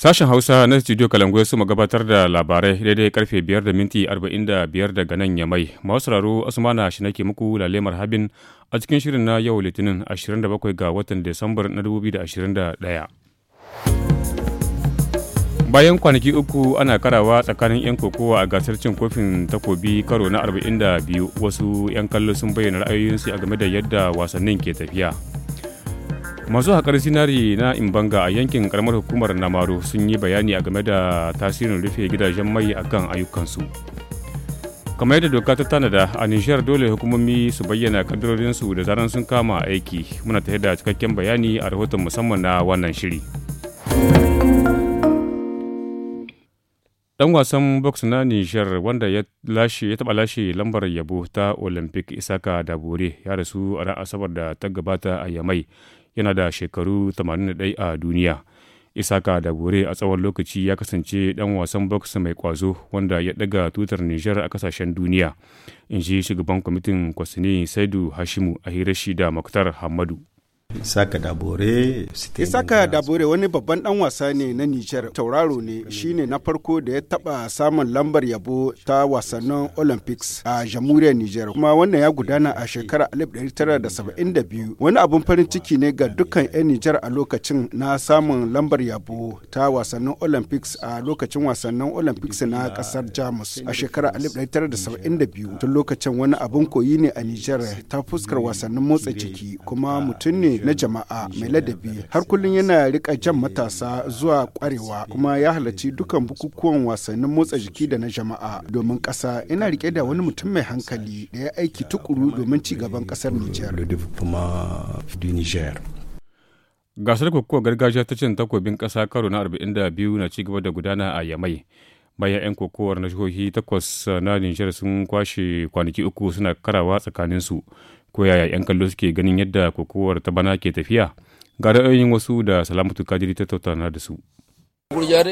Sashen Hausa na Studio Kalangoyo su gabatar da labarai daidai karfe 5 da minti 45 daga nan ya mai. Masu sauraro Asmana shi nake muku lalemar habin a cikin shirin na yau Litinin 27 ga watan disambar na 2021. Bayan kwanaki uku ana karawa tsakanin 'yan kokowa a gasar cin kofin takobi karo na 42 wasu 'yan kallo sun bayyana ra'ayoyinsu a game da yadda wasannin ke tafiya. masu haƙar zinari na imbanga a yankin karamar hukumar namaru sun yi bayani a game da tasirin rufe gidajen mai a kan ayyukansu kamar yadda doka ta tanada a nishiyar dole hukumomi su bayyana kadarorinsu da zaran sun kama aiki muna tare da cikakken bayani a rahoton musamman na wannan shiri dan wasan box na nishiyar wanda ya taba lashe lambar yabo ta olympic isaka dabore ya rasu a asabar da ta gabata a yamai yana da shekaru 81 a duniya. Isaka da bore a tsawon lokaci ya kasance ɗan wasan box mai ƙwazo wanda ya ɗaga tutar Nijar a kasashen duniya, in ji shugaban kwamitin kwasini Saidu Hashimu a hirashi da Muktar Hamadu. Isaka Dabore. Isaka Dabore wani babban dan wasa ne na Nijar tauraro ne shine na farko da ya taba samun lambar yabo ta wasannin Olympics a jamhuriyar Nijar kuma wannan ya gudana a shekarar 1972 wani abun farin ciki ne ga dukkan 'yan Nijar a lokacin na samun lambar yabo ta wasannin Olympics a lokacin wasannin Olympics na kasar Jamus a shekarar 1972 tun lokacin wani abun koyi ne a Nijar ta fuskar wasannin motsa jiki kuma mutum ne na jama'a mai ladabi har kullum yana rika jan matasa zuwa kwarewa kuma ya halarci dukkan bukukuwan wasannin motsa jiki da na jama'a domin kasa ina rike da wani mutum mai hankali da ya aiki tukuru domin ci gaban ƙasar Niger. gasar kokowa gargajiya ta cin takobin kasa karo na 42 na cigaba da gudana a yamai bayan 'yan kokowar na jihohi takwas na nijar sun kwashe kwanaki uku suna karawa tsakaninsu ko yaya 'yan kallo suke ganin yadda kokowar ta bana ke tafiya ga ra'ayoyin wasu da salamatu kadiri ta tattauna da su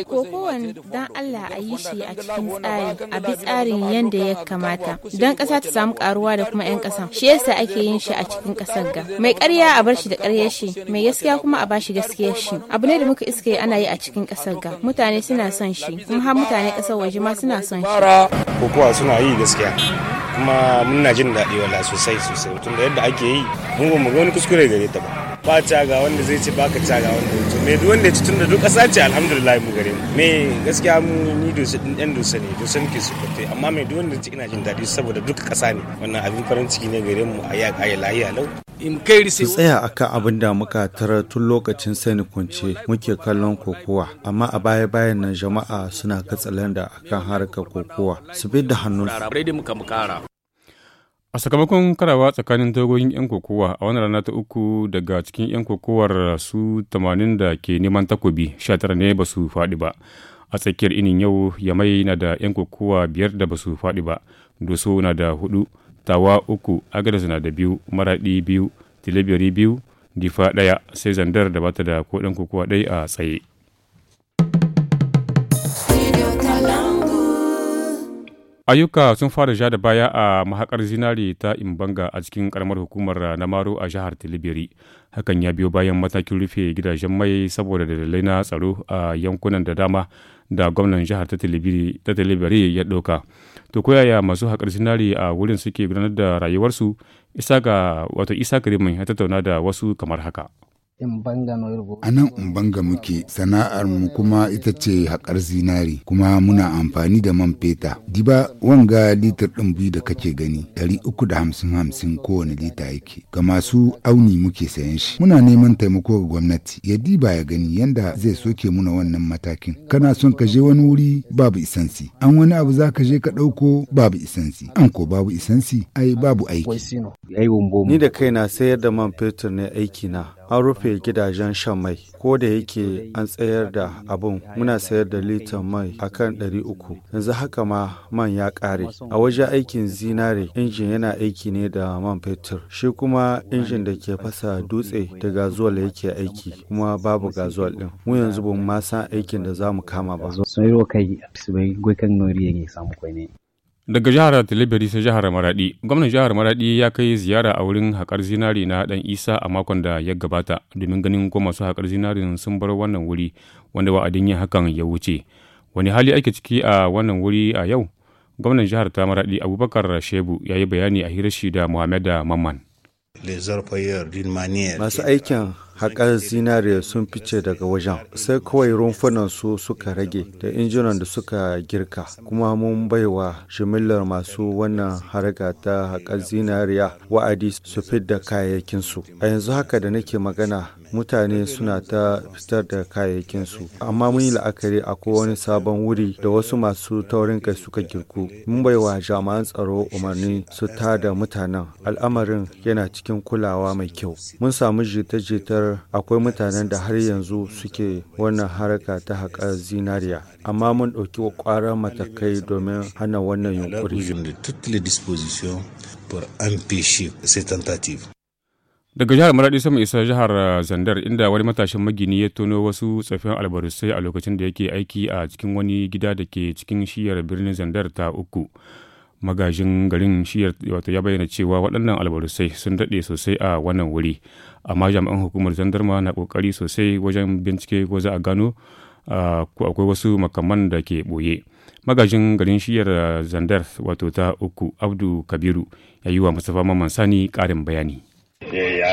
kowane dan Allah a yi shi a cikin tsari a bi tsarin yadda ya kamata don ƙasa ta samu karuwa da kuma 'yan ƙasa shi yasa ake yin shi a cikin ƙasar ga mai karya a bar shi da karya shi mai gaskiya kuma a bashi gaskiyar shi abu ne da muka iske ana yi a cikin ƙasar ga mutane suna son shi kuma har mutane ƙasar waje ma suna son shi kokowa suna yi gaskiya kuma muna jin daɗi wala sosai sosai tunda yadda ake yi mu ba mu ga wani kuskure gare ta ba ba caga wanda zai ce baka caga wanda ya ce me duk wanda ya ci tunda duk ƙasa ce alhamdulillah mu gare mu me gaskiya mu ni dosa din ɗan dosa ne dosa muke su kwatai amma me duk wanda ya ci ina jin daɗi saboda duk ƙasa ne wannan abin farin ciki ne gare mu a yi a lahiya lau su tsaya kan abin da muka tara tun lokacin sani kunce muke kallon kokowa amma a baya bayan nan jama'a suna katsalanda kan harkar kokowa su bi da hannun A sakamakon karawa tsakanin dogon 'yan kokowa a wani rana ta uku daga cikin 'yan kokowar su 80 da ke neman takobi 19 ne ba su faɗi ba. A tsakiyar inin yau Yamai na da 'yan kokowa biyar da ba su faɗi ba, Doso na da hudu, Tawa uku, Agadas na da biyu, Maraɗi biyu, Tilibiri biyu, Difa ɗaya, sai Zandar da bata da ko ɗan kokowa ɗai a tsaye. ayyuka sun fara ja da baya a mahakar zinari ta imbanga a cikin karamar hukumar namaro a jihar tilibiri hakan ya biyo bayan matakin rufe gidajen mai saboda dalilai na tsaro a yankunan da dama da gwamnan jihar ta tilibiri ya ɗauka to koyaya masu haƙar zinari a wurin suke gudanar da rayuwarsu isa ga wato isa karimin ya tattauna da wasu kamar haka A nan Mbanga muke sana'ar mu kuma ita ce haƙar zinari kuma muna amfani da man feta. Diba wanga litir ɗin biyu da kake gani ɗari uku da hamsin hamsin kowane lita yake. Ga masu auni muke sayan shi. Muna neman taimako ga gwamnati ya diba ya gani yanda zai soke muna wannan matakin. Kana son ka je wani wuri babu isansi. An wani abu za ka je ka ɗauko babu isansi. An ko babu isansi ai babu aiki. Ni da na sayar da man fetur ne aiki na. an rufe gidajen shan mai ko da yake an tsayar da abun muna sayar da litan mai akan uku yanzu haka ma man ya ƙare. a wajen aikin zinare injin yana aiki ne da man fetur shi kuma injin da ke fasa dutse da gazuwal yake aiki kuma babu gazuwal din mu yanzu ba mu ma san aikin da za mu kama ba Daga jihar Tilibiri sai jihar Maradi. Gwamnan jihar Maradi ya kai ziyara a wurin haƙar zinari na dan Isa a makon da ya gabata domin ganin ko masu haƙar zinarin sun bar wannan wuri wanda wa'adin yin hakan ya wuce. Wani hali ake ciki a wannan wuri a yau? Gwamnan jihar ta Maradi Abubakar Shebu ya yi bayani a hirashi da Muhammad Mamman. Masu aikin haƙar zinariya sun fice daga wajen sai kawai rumfunan su suka rage da injunan da suka girka kuma mun baiwa shimillar masu wannan harga ta haƙar zinariya wa'adi su fidda kayayyakinsu a yanzu haka da nake magana mutane suna ta fitar da kayayyakinsu amma mun yi la'akari a wani sabon wuri da wasu masu taurin kai suka girku mun baiwa jami'an tsaro umarni su tada mutanen al'amarin yana cikin kulawa mai kyau mun samu jita-jitar akwai mutanen da har yanzu suke wannan haraka ta haƙar zinariya amma mun ɗauki wa ƙwarar matakai domin hana wannan yunkuri daga jihar maradi sama isa jihar uh, zandar inda wani matashin magini ya tono wasu tsafin albarusai a lokacin da yake aiki a cikin wani gida da ke cikin shiyar birnin zandar ta uku magajin garin shiyar wato ya bayyana cewa waɗannan albarusai sun daɗe sosai a wannan wuri amma jami'an hukumar zandarma na ƙoƙari sosai wajen bincike ko za a gano ko akwai wasu makaman da ke ɓoye magajin garin shiyar eh, zandar wato ta uku abdu kabiru ya yi wa mustapha mamman sani ƙarin bayani Eh,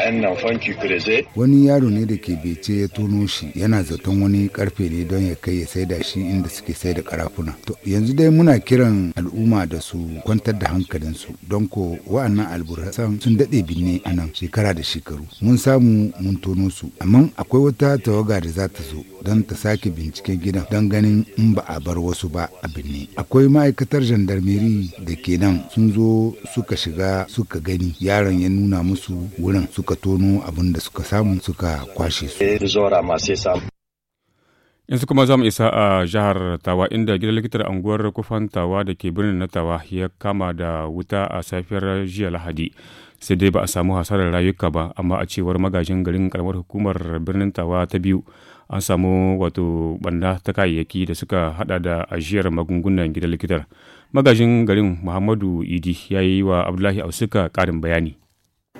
wani yaro ne da ke bece ya tono shi yana zaton wani karfe ne don ya kai ya saida shi inda suke saida karafuna. To yanzu dai muna kiran al'umma da su kwantar da hankalinsu don ko wa'annan alburasan sun daɗe binne a nan shekara da shekaru. Mun samu mun tono su amma akwai wata tawaga da za ta zo don ta sake binciken gidan don ganin in ba a bar wasu ba a binne akwai ma'aikatar jandarmeri da ke nan sun zo suka shiga suka gani yaron ya nuna musu wurin suka tono abin da suka samu suka kwashe su eh, yanzu kuma za mu isa a jihar tawa inda gidan likitar anguwar kufan tawa da ke birnin na tawa ya kama da wuta a safiyar jiya lahadi sai dai ba a samu hasarar rayuka ba amma a cewar magajin garin karamar hukumar birnin tawa ta biyu an samu wato banda ta kayayyaki da suka hada da ajiyar magungunan gidan likitar magajin garin muhammadu idi ya yi wa abdullahi ausuka karin bayani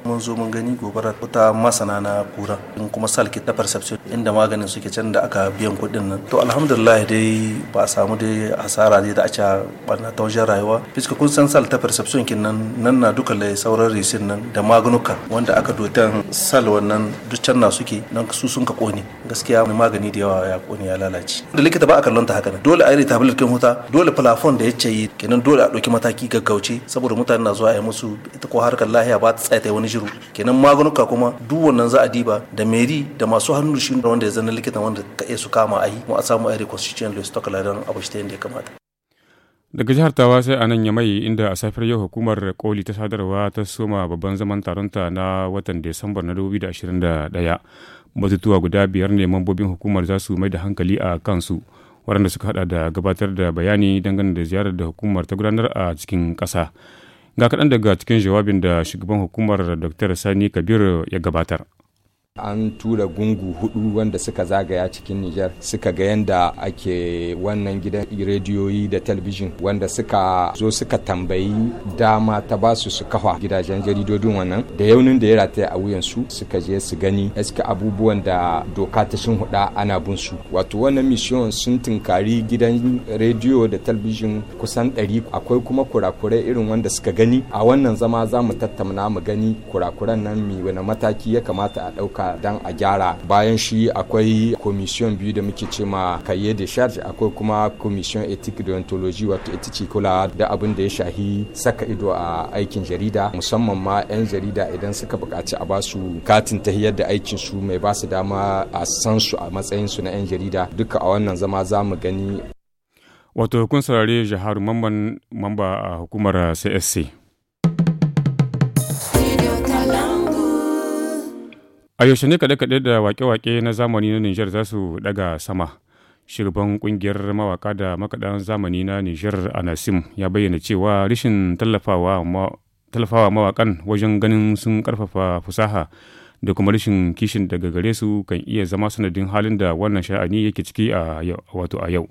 mun zo mun gani gobara wata masana na kura in kuma salki ta perception inda maganin suke can da aka biyan kuɗin nan to alhamdulillah dai ba a samu dai asara dai da a ca barna ta wajen rayuwa fiska kun san sal ta perception kin nan nan na duka lai sauran resin nan da magunuka wanda aka dotan sal wannan duk can na suke nan su sun ka kone gaskiya magani da yawa ya kone ya lalace da likita ba a kallon ta haka nan dole a yi tablet kin huta dole plafon da ya ce kenan dole a ɗauki mataki gaggauce saboda mutane na zuwa a yi musu ita ko harkar lahiya ba ta tsaye wani bijiro kenan magunuka kuma duk wannan za a diba da meri da masu hannu shi wanda ya zana likitan wanda ka iya su kama a yi mu a samu a reconstitution da dan abu shi ta yadda ya kamata daga jihar tawa sai a nan ya mai inda a safiyar yau hukumar koli ta sadarwa ta soma babban zaman taronta na watan desambar na 2021 batutuwa guda biyar ne mambobin hukumar za su mai da hankali a kansu waɗanda suka hada da gabatar da bayani dangane da ziyarar da hukumar ta gudanar a cikin ƙasa Ga kaɗan daga cikin jawabin da shugaban hukumar Dr. Sani kabiru ya gabatar. an tura gungu hudu wanda suka zagaya cikin Nijar suka ga yadda ake wannan gidan rediyoyi da talbijin wanda suka zo suka tambayi dama ta basu su su kafa gidajen jaridodin wannan da yaunin da ya rataya a wuyansu suka je su gani eske abubuwan da doka ta shin huda ana bin su wato wannan mission sun tinkari gidan rediyo da talbijin kusan ɗari akwai kuma kurakurai irin wanda suka gani a wannan zama za mu tattauna mu gani kurakuran nan mi wani mataki ya kamata a ɗauka dan a gyara bayan shi akwai commission biyu da muke ce ma kaye de charge akwai kuma commission ethic deontology wato ita kula da abin da ya shahi saka ido a aikin jarida musamman ma 'yan jarida idan suka bukaci a ba su katin tahiyar da aikin su mai ba su dama a san su a matsayin su na 'yan jarida duka a wannan zama za mu gani wato kun saurare jaharu mamban mamba a hukumar csc A yaushe ne kaɗe-kaɗe da waƙe-waƙe na zamani na Nijar za su ɗaga sama. Shugaban ƙungiyar mawaƙa da makaɗan zamani na Nijar a Nasim ya bayyana cewa rashin tallafawa mawaƙan wajen ganin sun ƙarfafa fusaha da kuma rashin kishin daga gare su kan iya zama sanadin halin da wannan sha'ani yake ciki a wato a yau.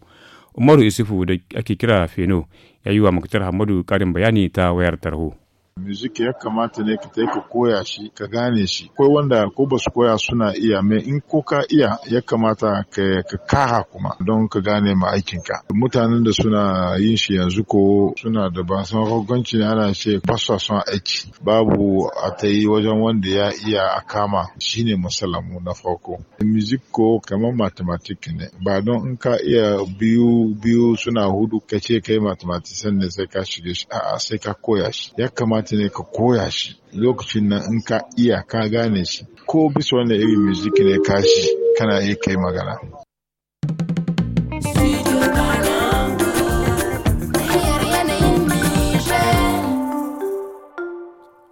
Umaru Isufu da ake kira Feno ya yi wa Muktar Hamadu ƙarin bayani ta wayar tarho. music ya kamata ne ka ka koya shi ka gane shi akwai wanda ko ba su koya suna iya mai in ko ka iya ya kamata ka kaha kuma don ka gane ma aikinka mutanen da suna yin shi yanzu ko suna da ba san ne ana ce ba su son aiki babu a ta yi wajen wanda ya iya a kama shine masalamu na farko music ko kamar mathematics ne ba don in ka iya biyu biyu suna hudu ka ce kai mathematician ne sai ka shige shi a'a sai ka koya shi ya kamata ce ne ka koya shi lokacin nan in ka iya ka gane shi ko bisa wanda irin music ne ka shi kana iya kai magana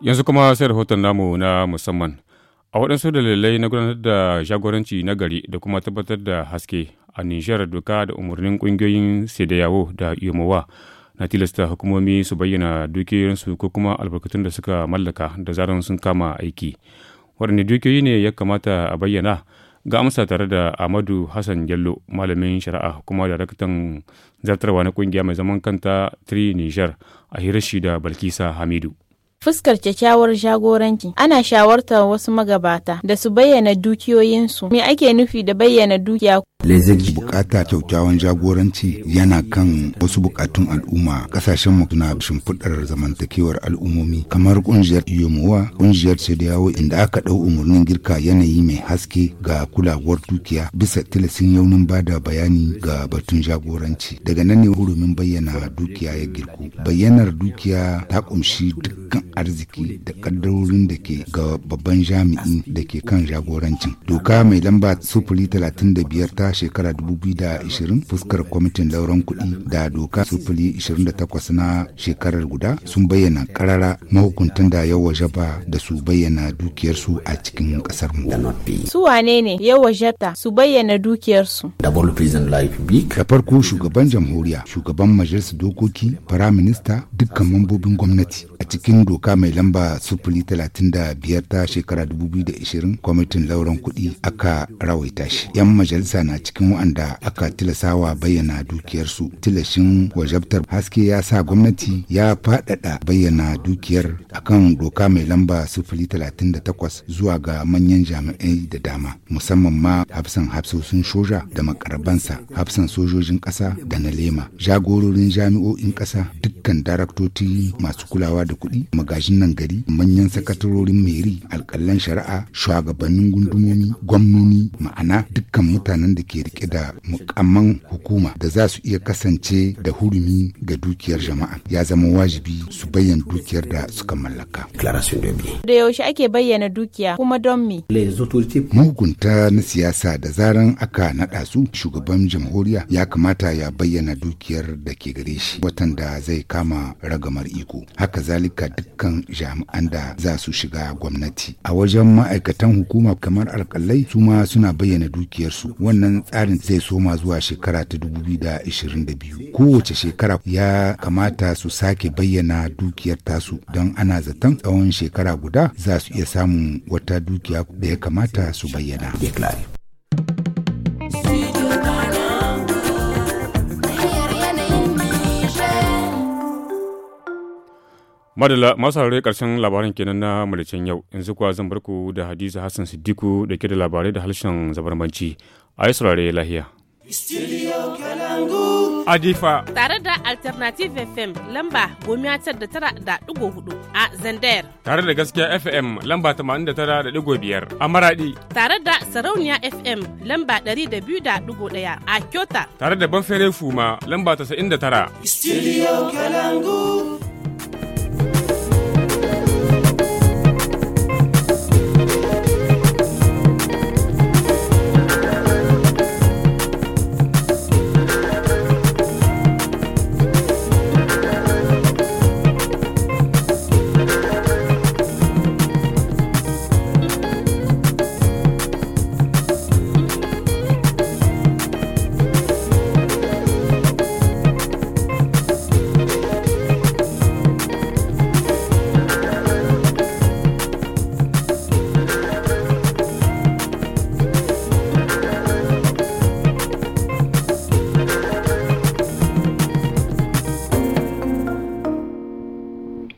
yanzu kuma sai rahoton namu na musamman a waɗansu dalilai na gudanar da jagoranci na gari da kuma tabbatar da haske a nijar doka da umarnin ƙungiyoyin yawo da yomowa na tilasta hukumomi su bayyana dukiyoyinsu ko kuma albarkatun da suka mallaka da zaran sun kama aiki waɗanne dukiyoyi ne ya kamata a bayyana ga amsa tare da amadu hassan jallo malamin shari'a kuma daraktan zartarwa na kungiya mai zaman kanta tri niger a hirashi da balkisa hamidu fuskar kyakkyawar jagoranci ana shawartar wasu magabata da su bayyana dukiyoyinsu me ake nufi da bayyana dukiya bukata kyaukyawan jagoranci yana kan wasu bukatun al'umma kasashen mu na shimfiɗar zamantakewar al'ummomi kamar kungiyar yomowa kungiyar yawo inda aka ɗau umarnin girka yanayi mai haske ga kulawar dukiya bisa tilasin yaunin bada bayani ga batun jagoranci daga nan ne hurumin bayyana dukiya ya girku bayyanar dukiya ta kunshi dukkan arziki da kaddarorin da ke ga babban jami'in da ke kan jagorancin doka mai lamba sufuri talatin da biyar ta shekara 2020 fuskar kwamitin lauran kuɗi da doka sufuri 28 na shekarar guda sun bayyana karara mahukuntan da yau waje ba da su bayyana dukiyarsu a cikin kasar mu. Su wane ne yau waje su bayyana dukiyarsu? Da farko shugaban jamhuriya, shugaban majalisar dokoki, fara minista dukkan mambobin gwamnati a cikin doka mai lamba sufuri 35 ta shekara 2020 kwamitin lauran kuɗi aka rawaita shi. 'Yan majalisa na cikin waɗanda aka tilasawa bayyana dukiyarsu tilashin wajabtar haske ya sa gwamnati ya faɗaɗa bayyana dukiyar akan doka mai lamba sufuri talatin da takwas zuwa ga manyan jami'ai da dama musamman ma hafsan hafsosin soja da makarabansa hafsan sojojin ƙasa da na lema jagororin jami'o'in ƙasa dukkan daraktoci masu kulawa da kuɗi magajin nan gari manyan sakatarorin meri alƙalan shari'a shugabannin gundumomi gwamnoni ma'ana dukkan mutanen da ke rike da mukamman hukuma da za su iya kasance da hurumi ga dukiyar jama'a ya zama wajibi su bayyana dukiyar da suka mallaka da yaushe ake bayyana dukiya kuma don me mahukunta na siyasa da zaran aka naɗa su shugaban jamhuriya ya kamata ya bayyana dukiyar da ke gare shi watan da zai kama ragamar iko haka zalika dukkan jami'an da za su shiga gwamnati a wajen ma'aikatan hukuma kamar alkalai su ma suna bayyana dukiyarsu wannan tsarin zai soma zuwa shekara ta 2022 kowace shekara ya kamata su sake bayyana dukiyar tasu don ana zaton tsawon shekara guda za su iya samun wata dukiya da ya kamata su bayyana madala masu harare karshen labaran kenan na malicin yau yanzu kuwa zan barku da hadiza hassan siddiku da ke da labarai da harshen zabarmanci a yi saurare lahiya Adifa. Tare da Alternative FM lamba gomiya tar da tara da ɗigo hudu a Zandayar. Tare da gaskiya FM lamba tamanin da tara da ɗigo biyar a Maradi. Tare da Sarauniya FM lamba ɗari da biyu da ɗigo ɗaya a Kyota. Tare da Banfere Fuma lamba tasa'in da tara. Studio Kalangu.